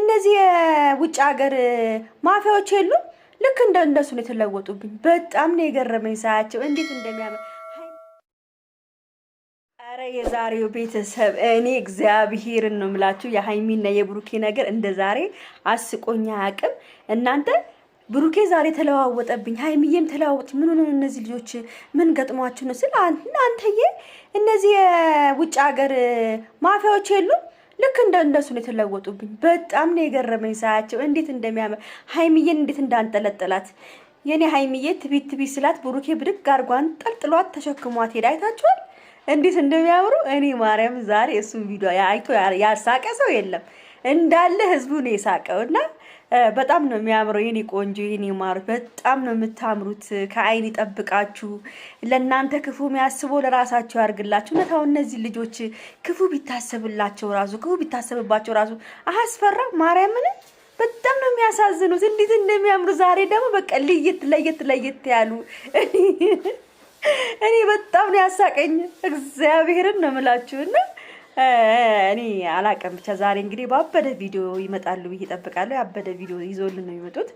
እነዚህ የውጭ ሀገር ማፊያዎች የሉም። ልክ እንደ እነሱ ነው የተለወጡብኝ። በጣም ነው የገረመኝ ሳያቸው እንዴት እንደሚያምር። ኧረ የዛሬው ቤተሰብ እኔ እግዚአብሔርን ነው የምላችሁ። የሀይሚና የብሩኬ ነገር እንደ ዛሬ አስቆኛ አቅም እናንተ ብሩኬ ዛሬ ተለዋወጠብኝ፣ ሀይሚዬም ተለዋወጥ። ምን ሆነ እነዚህ ልጆች ምን ገጥሟችሁ ነው ስል እናንተዬ፣ እነዚህ የውጭ ሀገር ማፊያዎች የሉም ልክ እንደ እነሱ ነው የተለወጡብኝ። በጣም ነው የገረመኝ ሳያቸው እንዴት እንደሚያምር ሀይሚዬን እንዴት እንዳንጠለጠላት የኔ ሀይሚዬ ትቢት ትቢት ስላት ብሩኬ ብድግ አርጓን ጠልጥሏት ተሸክሟት ሄዳ አይታችኋል እንዴት እንደሚያምሩ። እኔ ማርያም ዛሬ እሱን ቪዲዮ አይቶ ያልሳቀ ሰው የለም። እንዳለ ህዝቡ ነው የሳቀው እና በጣም ነው የሚያምረው። የኔ ቆንጆ የኔ ማር በጣም ነው የምታምሩት። ከአይን ይጠብቃችሁ። ለእናንተ ክፉ የሚያስበው ለራሳቸው ያርግላችሁ። እውነታው እነዚህ ልጆች ክፉ ቢታሰብላቸው ራሱ ክፉ ቢታሰብባቸው ራሱ አስፈራ። ማርያምን በጣም ነው የሚያሳዝኑት። እንዴት እንደሚያምሩ ዛሬ ደግሞ በቃ ልየት ለየት ለየት ያሉ እኔ በጣም ነው ያሳቀኝ። እግዚአብሔርን ነው የምላችሁ እና እኔ አላቅም። ብቻ ዛሬ እንግዲህ በአበደ ቪዲዮ ይመጣሉ ብዬ እጠብቃለሁ። ያበደ ቪዲዮ ይዞልን ነው የሚመጡት።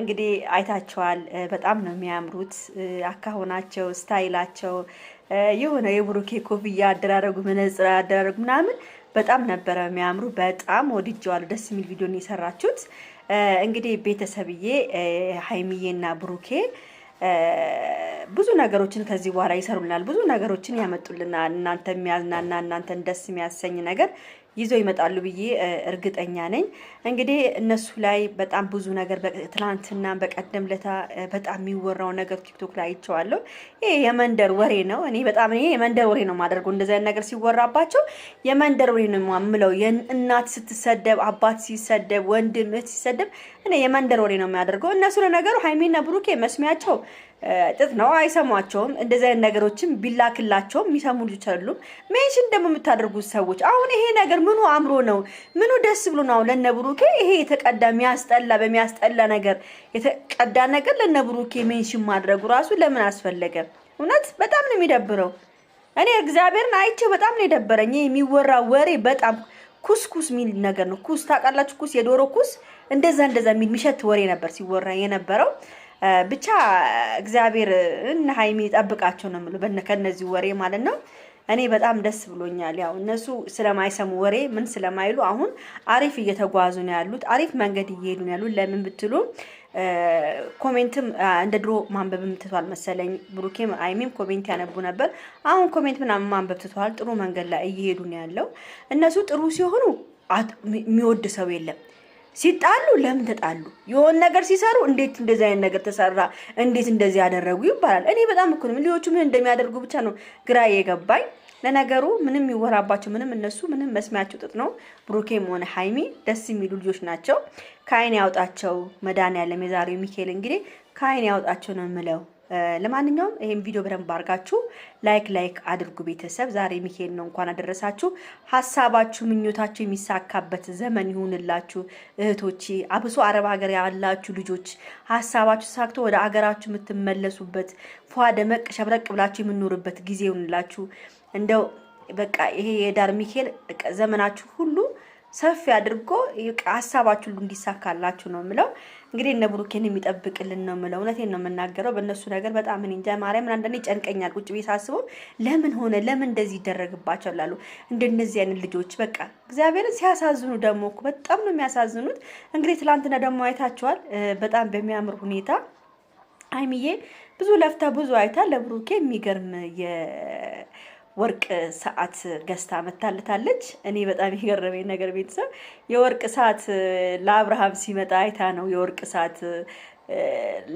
እንግዲህ አይታቸዋል። በጣም ነው የሚያምሩት። አካሆናቸው፣ ስታይላቸው የሆነ የብሩኬ ኮፍያ አደራረጉ፣ መነጽር አደራረጉ ምናምን በጣም ነበረ የሚያምሩ። በጣም ወድጀዋለሁ። ደስ የሚል ቪዲዮ ነው የሰራችሁት። እንግዲህ ቤተሰብዬ ሀይሚዬና ብሩኬ ብዙ ነገሮችን ከዚህ በኋላ ይሰሩልናል። ብዙ ነገሮችን ያመጡልናል። እናንተ የሚያዝናና እናንተን ደስ የሚያሰኝ ነገር ይዘው ይመጣሉ ብዬ እርግጠኛ ነኝ። እንግዲህ እነሱ ላይ በጣም ብዙ ነገር ትላንትና በቀደም ለታ በጣም የሚወራው ነገር ቲክቶክ ላይ አይቼዋለሁ። ይሄ የመንደር ወሬ ነው። እኔ በጣም ይሄ የመንደር ወሬ ነው የማደርገው። እንደዚህ አይነት ነገር ሲወራባቸው የመንደር ወሬ ነው የማምለው። እናት ስትሰደብ፣ አባት ሲሰደብ፣ ወንድም እህት ሲሰደብ፣ እኔ የመንደር ወሬ ነው የሚያደርገው። እነሱ ለነገሩ ሀይሚና ብሩኬ መስሚያቸው ጥጥ ነው፣ አይሰሟቸውም። እንደዚህ አይነት ነገሮችን ቢላክላቸውም የሚሰሙ ልጆች አይደሉም። ሜንሽን ደግሞ የምታደርጉት ሰዎች አሁን ይሄ ነገር ምኑ አምሮ ነው? ምኑ ደስ ብሎ ነው? ለነብሩኬ ይሄ የተቀዳ የሚያስጠላ በሚያስጠላ ነገር የተቀዳ ነገር ለነብሩኬ ሜንሽን ማድረጉ ራሱ ለምን አስፈለገ? እውነት በጣም ነው የሚደብረው። እኔ እግዚአብሔርን አይቼው በጣም ነው የደበረኝ። የሚወራ ወሬ በጣም ኩስኩስ የሚል ነገር ነው። ኩስ ታውቃላችሁ? ኩስ የዶሮ ኩስ እንደዛ እንደዛ የሚል የሚሸት ወሬ ነበር ሲወራ የነበረው። ብቻ እግዚአብሔር እነ ሀይሚ ይጠብቃቸው ነው የምለው ከነዚህ ወሬ ማለት ነው። እኔ በጣም ደስ ብሎኛል። ያው እነሱ ስለማይሰሙ ወሬ ምን ስለማይሉ አሁን አሪፍ እየተጓዙ ነው ያሉት፣ አሪፍ መንገድ እየሄዱ ነው ያሉት። ለምን ብትሉ ኮሜንትም እንደ ድሮ ማንበብም ትቷል መሰለኝ። ብሩኬም አይሚም ኮሜንት ያነቡ ነበር። አሁን ኮሜንት ምናምን ማንበብ ትቷል። ጥሩ መንገድ ላይ እየሄዱ ነው ያለው። እነሱ ጥሩ ሲሆኑ የሚወድ ሰው የለም። ሲጣሉ ለምን ተጣሉ? የሆን ነገር ሲሰሩ እንዴት እንደዚህ አይነት ነገር ተሰራ፣ እንዴት እንደዚህ ያደረጉ ይባላል። እኔ በጣም እኮ ነው ልጆቹ ምን እንደሚያደርጉ ብቻ ነው ግራ የገባኝ። ለነገሩ ምንም ይወራባቸው ምንም እነሱ ምንም መስሚያቸው ጥጥ ነው። ብሩኬም ሆነ ሀይሚ ደስ የሚሉ ልጆች ናቸው። ከአይን ያውጣቸው መድኃኒዓለም የዛሬው ሚካኤል እንግዲህ ከአይን ያውጣቸው ነው የምለው። ለማንኛውም ይሄን ቪዲዮ በደንብ አድርጋችሁ ላይክ ላይክ አድርጉ ቤተሰብ። ዛሬ ሚካኤል ነው፣ እንኳን አደረሳችሁ። ሀሳባችሁ፣ ምኞታችሁ የሚሳካበት ዘመን ይሁንላችሁ እህቶቼ። አብሶ አረብ ሀገር ያላችሁ ልጆች ሀሳባችሁ ተሳክቶ ወደ አገራችሁ የምትመለሱበት ፏ ደመቅ ሸብረቅ ብላችሁ የምኖርበት ጊዜ ይሁንላችሁ። እንደው በቃ ይሄ የዳር ሚካኤል ዘመናችሁ ሁሉ ሰፊ አድርጎ ሀሳባችሁ ሁሉ እንዲሳካላችሁ ነው የምለው። እንግዲህ እነ ብሩኬን የሚጠብቅልን ነው የምለው። እውነቴን ነው የምናገረው። በእነሱ ነገር በጣም እኔ እንጃ ማርያምን፣ አንዳንዴ ይጨንቀኛል። ቁጭ ቤት ሳስበው ለምን ሆነ ለምን እንደዚህ ይደረግባቸው ላሉ እንደነዚህ አይነት ልጆች በቃ እግዚአብሔርን ሲያሳዝኑ ደግሞ በጣም ነው የሚያሳዝኑት። እንግዲህ ትላንትና ደግሞ አይታችኋል። በጣም በሚያምር ሁኔታ ሀይሚዬ ብዙ ለፍታ ብዙ አይታ ለብሩኬ የሚገርም ወርቅ ሰዓት ገዝታ መታለታለች። እኔ በጣም የገረመኝ ነገር ቤተሰብ የወርቅ ሰዓት ለአብርሃም ሲመጣ አይታ ነው የወርቅ ሰዓት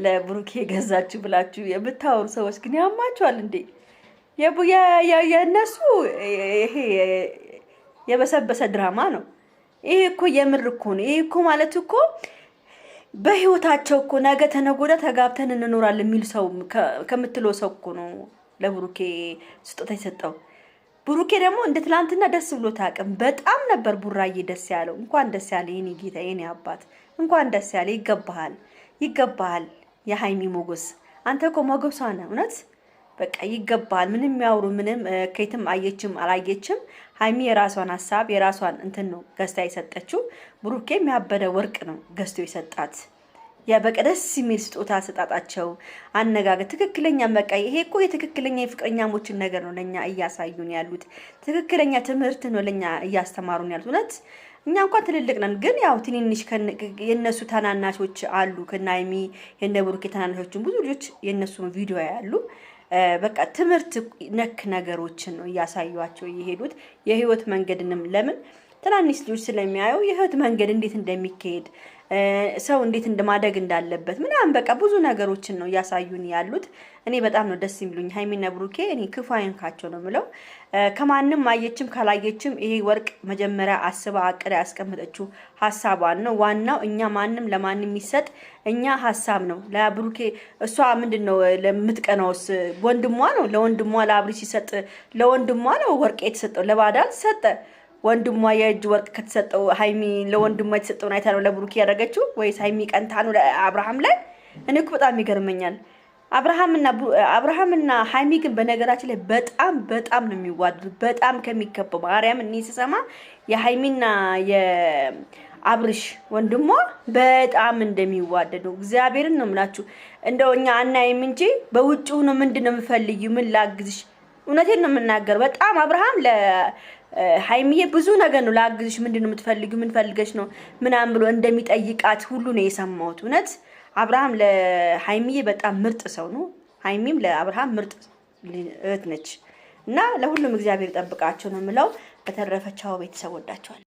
ለብሩኬ ገዛችሁ ብላችሁ የምታወሩ ሰዎች ግን ያማችኋል እንዴ? የእነሱ ይሄ የበሰበሰ ድራማ ነው። ይሄ እኮ የምር እኮ ነው። ይሄ እኮ ማለት እኮ በህይወታቸው እኮ ነገ ተነጎዳ ተጋብተን እንኖራለን የሚል ሰው ከምትለው ሰው እኮ ነው ለብሩኬ ስጦታ የሰጠው። ብሩኬ ደግሞ እንደ ትላንትና ደስ ብሎት አቅም በጣም ነበር። ቡራዬ ደስ ያለው እንኳን ደስ ያለ የኔ ጌታ የኔ አባት እንኳን ደስ ያለ። ይገባሃል፣ ይገባሃል የሀይሚ ሞገስ አንተ እኮ ሞገሷ ነህ እውነት በቃ ይገባል። ምንም የሚያወሩ ምንም ከየትም አየችም አላየችም ሀይሚ የራሷን ሀሳብ የራሷን እንትን ነው ገዝታ የሰጠችው። ብሩኬ የሚያበደ ወርቅ ነው ገዝቶ የሰጣት። በቃ ደስ የሚል ስጦታ አሰጣጣቸው፣ አነጋገር ትክክለኛ በቃ ይሄ እኮ የትክክለኛ የፍቅረኛሞችን ነገር ነው ለእኛ እያሳዩን ያሉት። ትክክለኛ ትምህርት ነው ለእኛ እያስተማሩን ያሉት። እውነት እኛ እንኳን ትልልቅ ነን፣ ግን ያው ትንንሽ የእነሱ ተናናሾች አሉ። ከናይሚ የነ ብሩኬ ተናናሾችን ብዙ ልጆች የእነሱን ቪዲዮ ያሉ በቃ ትምህርት ነክ ነገሮችን ነው እያሳዩቸው የሄዱት የህይወት መንገድንም ለምን ትናንሽ ልጆች ስለሚያዩ የህይወት መንገድ እንዴት እንደሚካሄድ ሰው እንዴት እንደማደግ እንዳለበት ምናምን በቃ ብዙ ነገሮችን ነው እያሳዩን ያሉት። እኔ በጣም ነው ደስ የሚሉኝ ሀይሚና ብሩኬ። እኔ ክፉ አይንካቸው ነው የምለው። ከማንም አየችም ካላየችም ይሄ ወርቅ መጀመሪያ አስባ አቅር ያስቀመጠችው ሀሳቧን ነው። ዋናው እኛ ማንም ለማንም የሚሰጥ እኛ ሀሳብ ነው። ለብሩኬ እሷ ምንድን ነው ለምትቀናውስ ወንድሟ ነው ለወንድሟ ለአብሪ ሲሰጥ ለወንድሟ ነው ወርቅ የተሰጠው ለባዳል ሰጠ ወንድሟ የእጅ ወርቅ ከተሰጠው ሀይሚ ለወንድሟ የተሰጠውን አይታ ነው ለብሩክ ያደረገችው ወይስ ሀይሚ ቀንታ ነው ለአብርሃም ላይ? እኔ እኮ በጣም ይገርመኛል። አብርሃምና ሀይሚ ግን በነገራችን ላይ በጣም በጣም ነው የሚዋዱት። በጣም ከሚከበው ማርያም እኔ ስሰማ የሀይሚና የአብርሽ ወንድሟ በጣም እንደሚዋደዱ እግዚአብሔርን ነው የምላችሁ። እንደው እኛ አናይም እንጂ በውጭ ሆኖ ምንድን ነው የምፈልጊው? ምን ላግዝሽ እውነቴን ነው የምናገር። በጣም አብርሃም ለሀይሚዬ ብዙ ነገር ነው ለአግዝሽ፣ ምንድን ነው የምትፈልጊው፣ ምን ፈልገሽ ነው ምናምን ብሎ እንደሚጠይቃት ሁሉ ነው የሰማሁት። እውነት አብርሃም ለሀይሚዬ በጣም ምርጥ ሰው ነው። ሀይሚም ለአብርሃም ምርጥ እህት ነች እና ለሁሉም እግዚአብሔር ጠብቃቸው ነው የምለው። በተረፈ ቻው ቤተሰብ ወዳቸዋል።